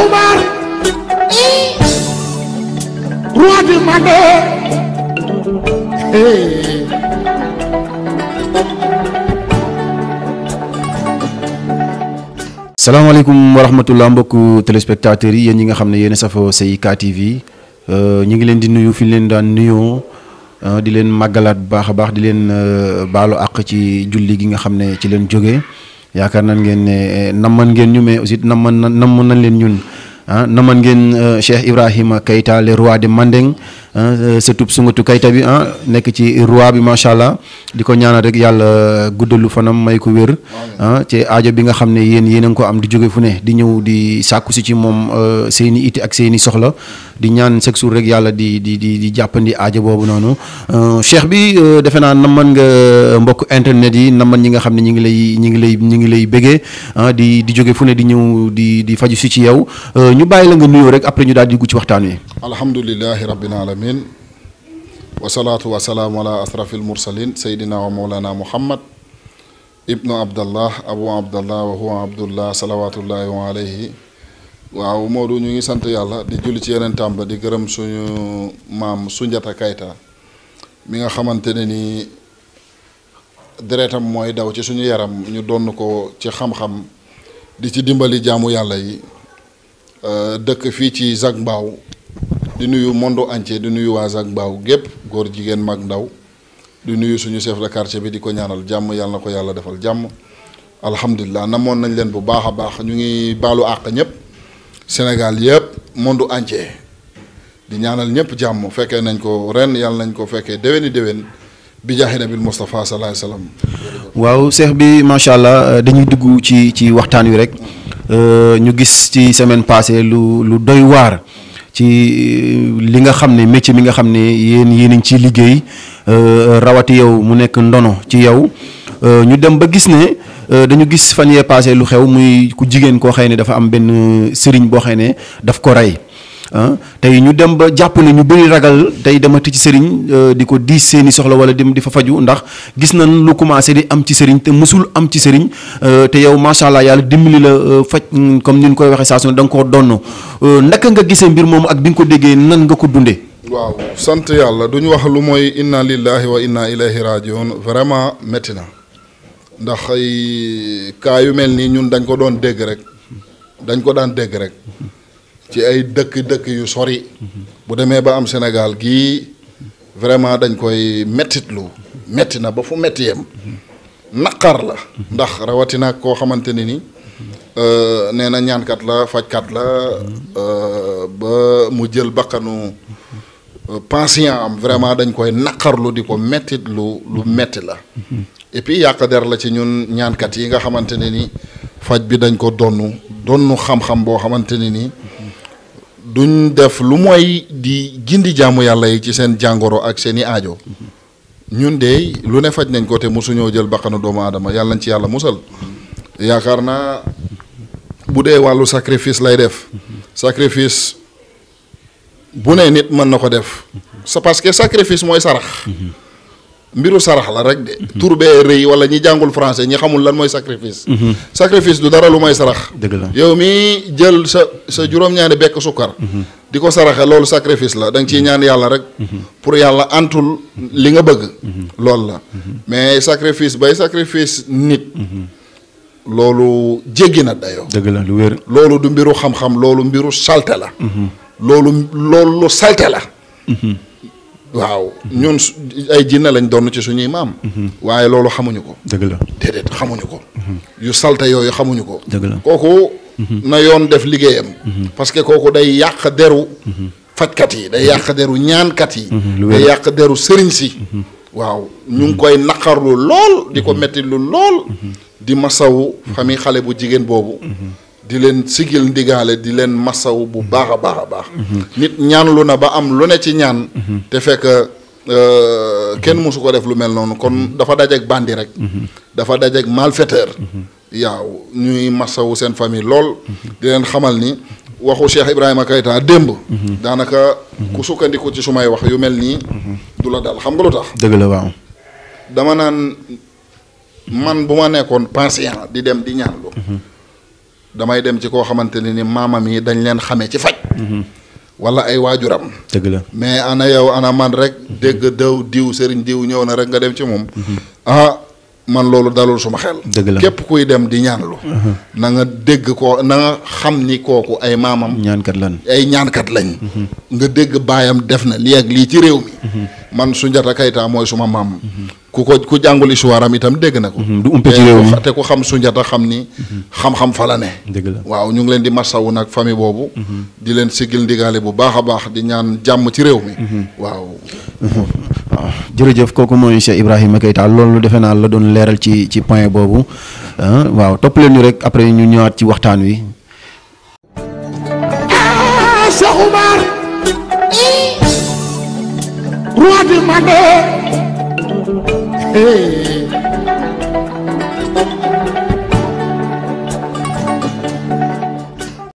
Assalamualaikum et wabarakatuh, de Mané. Hey. salaamaaleykum téléspectateurs yi ñi nga xam yene yéen a safoo CIK TV euh, ñi ngi leen di nuyu fi leen daan nuyoo euh, di leen magalat baax di leen euh, balu ak ci julli gi nga ci leen yaakaar nañ ngeen ne eh, naman ngeen ñu mais aussi naman nañ nañ leen ñun ah naman ngeen euh, Cheikh Ibrahima Keita le roi de Mandeng. Euh, sëtub Soungutou Keita bi ah nekk ci roi bi macha allah di ko ñaanal rek yàlla guddalu fanam may ko wér ah ci aajo bi nga xam ne yéen yéen a ngi ko am di jóge fu ne di ñëw di sàkku si ci moom euh, seen i itti ak seen i soxla di ñaan chaque jour rek yàlla di di di di jàppandi aajo boobu noonu euh, cheikh bi defe naa naman nga mbokk internet yi naman ñi nga xam ne ñi ngi lay ñi ngi lay ñi ngi lay bëggee ah di di jóge fu di ñëw di di faju si ci yow ñu bàyyi la nga nuyoo rek après ñu daal di dugg ci waxtaan wi alhamdulillahi rabbil alamin wasalaatu wasalaamu ala ashrafil mursalin seydina wa mawlana muhammad ibnu abdallah abu abdallah wa huwa abdullah salawatullahi wa alayhi waaw Modou ñu ngi sant yàlla di julli ci yeneen tàmba di gërëm suñu maam Soundiata Keita mi nga xamante ne ni deretam mooy daw ci suñu yaram ñu donn ko ci xam-xam di ci dimbali jaamu yàlla yi dëkk fii ci Zac di nuyu monde entier di nuyu waa Zac Mbao gépp góor jigéen mag ndaw di nuyu suñu chef de quartier bi di ko ñaanal jàmm yàlla na ko yàlla defal jàmm alhamdulilah namoon nañ leen bu baax a baax ñu ngi baalu àq ñëpp Sénégal yëpp monde entier di ñaanal ñëpp jàmm fekkee nañ ko ren yàlla nañ ko fekkee déwéni déwén bi jaaxi nabil Moustapha salaay salaam. waaw seex bi macha allah euh, dañuy dugg ci ci waxtaan wi rek euh, ñu gis ci semaine passée lu lu doy waar. ci li nga xam ne métier mi nga xam ne yéen yéen a ngi liggéey euh, euh, rawati yow mu nekk ndono ci yow euh, ñu dem ba gis ne dañu gis fan yee passé lu xew muy ku jigéen koo xëy ne dafa am benn sëriñ boo xëy ne daf ko rey tey ñu dem ba jàpp ne ñu bëri ragal tey demati ci sëriñ euh, di ko diis seeni soxla wala dem di fa faju ndax gis nañ lu commencé di am ci sëriñ te mësul am ci sëriñ euh, te yow macha allah yàlla dimbali la euh, faj mm, comme ni ñu koy waxee saa su ne da nga koo donn naka nga gisee mbir moom ak bi nga ko déggee nan nga ko dundee. waaw sant yàlla duñu wax lu mooy inna lillahi wa inna ilayhi rajiun vraiment métti na ndax ay yu mel nii ñun dañ ko doon dégg rek dañ ko daan dégg rek ci ay dëkk-dëkk yu sori bu demee ba am Sénégal gii vraiment dañ koy mettitlu metti na ba fu metti yem naqar la ndax rawatina koo xamante ne ni euh, nee na ñaankat la fajkat la euh, ba mu jël bakkanu euh, patient am vraiment dañ koy naqarlu di ko mettit lu lu metti la et puis yàq la ci ñun ñaankat yi nga xamante ni faj bi dañ ko donnu donnu xam-xam boo xamante ni duñ def lu mooy di gindi jàmm yàlla yi ci seen jàngoro ak seen i aajo ñun de lu ne faj nañ ko te mosuñoo jël bakkanu doomu aadama yàlla nañ ci yàlla musal yaakaar naa bu dee wàllu sacrifice lay def sacrifice bu ne nit mën na ko def c'est parce que sacrifice mooy sarax. mbiru sarah la rek de tour be reuy wala ñi jangul français ñi xamul lan moy sacrifice mhm. sacrifice du dara lu mooy sarax yow mi jël sa sa juróom-ñaari bekk sukar mhm. diko ko saraxe sacrifice la dang ci ñaan yalla rek mhm. pour yalla antul li nga bëgg loolu la mais sacrifice bay sacrifice nit loolu jéggina dayo deug la lu wër loolu du mbiru xam-xam loolu mbiru salté la loolu loolu salté la waaw ñun ay jinne lañ doon ci suñuy maam. Mhm. waaye loolu xamuñu ko. dëgg la déedéet xamuñu ko. Mhm. yu salte yooyu xamuñu ko. dëgg kooku. Mhm. na yoon def liggéeyam. parce que kooku day yàq deru. fajkat yi day yàq deru ñaankat yi. day yàq deru sëriñ si. waaw ñu ngi koy naqarlu lool di ko metti lu lool. di ma masawu famille xale bu jigéen boobu. di leen sigil ndigaale di leen masaw bu baax a baax a baax nit ñaanlu na ba am lu ne ci ñaan te fekk euh, kenn mosu ko def lu mel noonu kon dafa dajeek bandi rek dafa dajeek malfaiteur yaaw ñuy masawu seen famille lool di leen xamal ni waxu Cheikh Ibrahima Keita démb daanaka ku sukkandiku ci sumay wax yu mel nii du la dal xam nga lu tax dëgg la dama naan man bu ma nekkoon patient di dem di ñaanlu damay dem ci koo xamante ne ni maamam yi dañ leen xamee ci faj. Mhm. wala ay waajuram. dëgg la mais ana yow ana man rek. dégg daw diw sëriñ diw ñëw na rek nga dem ci moom. Mhm. ah man loolu dalul suma xel. dëgg la képp kuy dem di ñaanlu. Mhm. na nga dégg ko na xam ni kooku ay maamam. ñaankat lañ ay ñaankat lañ. nga dégg baayam def na li ak lii ci réew mi. man Soundiata Keita mooy suma maam. ku ko ku jàngul histoire am itam mhm, du umpe ci réew te ku xam Sunjata xam ni. Mhm. xam-xam fa la ne. dëgg la waaw ñu ngi leen di masawu nag fami boobu. Mhm. di leen sigil bu baax di ñaan jàmm ci réew mi. waaw. waaw ah, jërëjëf kooku mooy Cheikh Ibrahima Keita loolu defe naa la doon leral ci ci point boobu ah, waaw top leen ñu rek après ñu ñëwaat ci waxtaan wi. Ah, Cheikh roi Mandé. Hey.